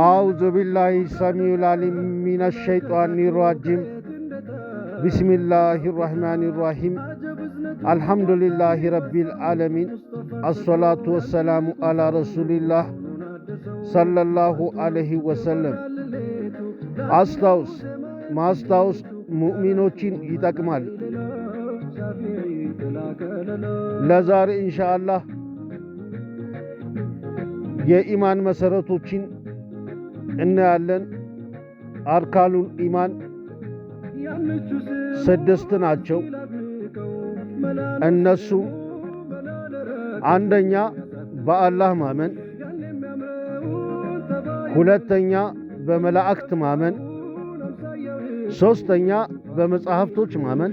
أعوذ بالله السميع العليم من الشيطان الرجيم بسم الله الرحمن الرحيم الحمد لله رب العالمين الصلاة والسلام على رسول الله صلى الله عليه وسلم አስታውስ ማስታውስ ሙእሚኖችን ይጠቅማል። ለዛሬ ኢንሻአላህ የኢማን መሰረቶችን እናያለን። አርካኑል ኢማን ስድስት ናቸው። እነሱም አንደኛ በአላህ ማመን፣ ሁለተኛ በመላእክት ማመን፣ ሶስተኛ በመጻሕፍቶች ማመን፣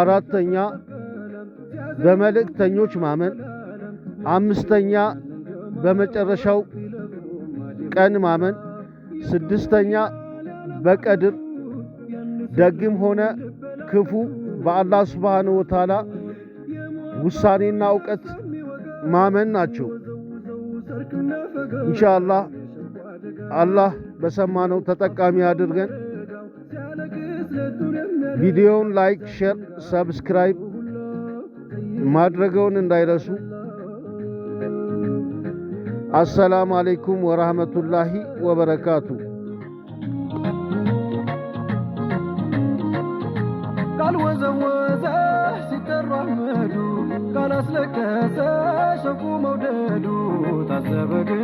አራተኛ በመልእክተኞች ማመን፣ አምስተኛ በመጨረሻው ቀን ማመን፣ ስድስተኛ በቀድር ደግም ሆነ ክፉ በአላህ ሱብሓነሁ ወተዓላ ውሳኔና እውቀት ማመን ናቸው። ኢንሻአላህ አላህ በሰማነው ተጠቃሚ አድርገን። ቪዲዮውን ላይክ፣ ሼር፣ ሰብስክራይብ ማድረገውን እንዳይረሱ። አሰላሙ አለይኩም ወራህመቱላሂ ወበረካቱ። ካልወዘወዘ ሲጠራ ቃላስለከሰ ካላስለቀሰ ሸቁ መውደዱ ታዘበግ